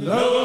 No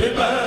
bi ba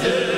Aziz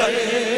xëy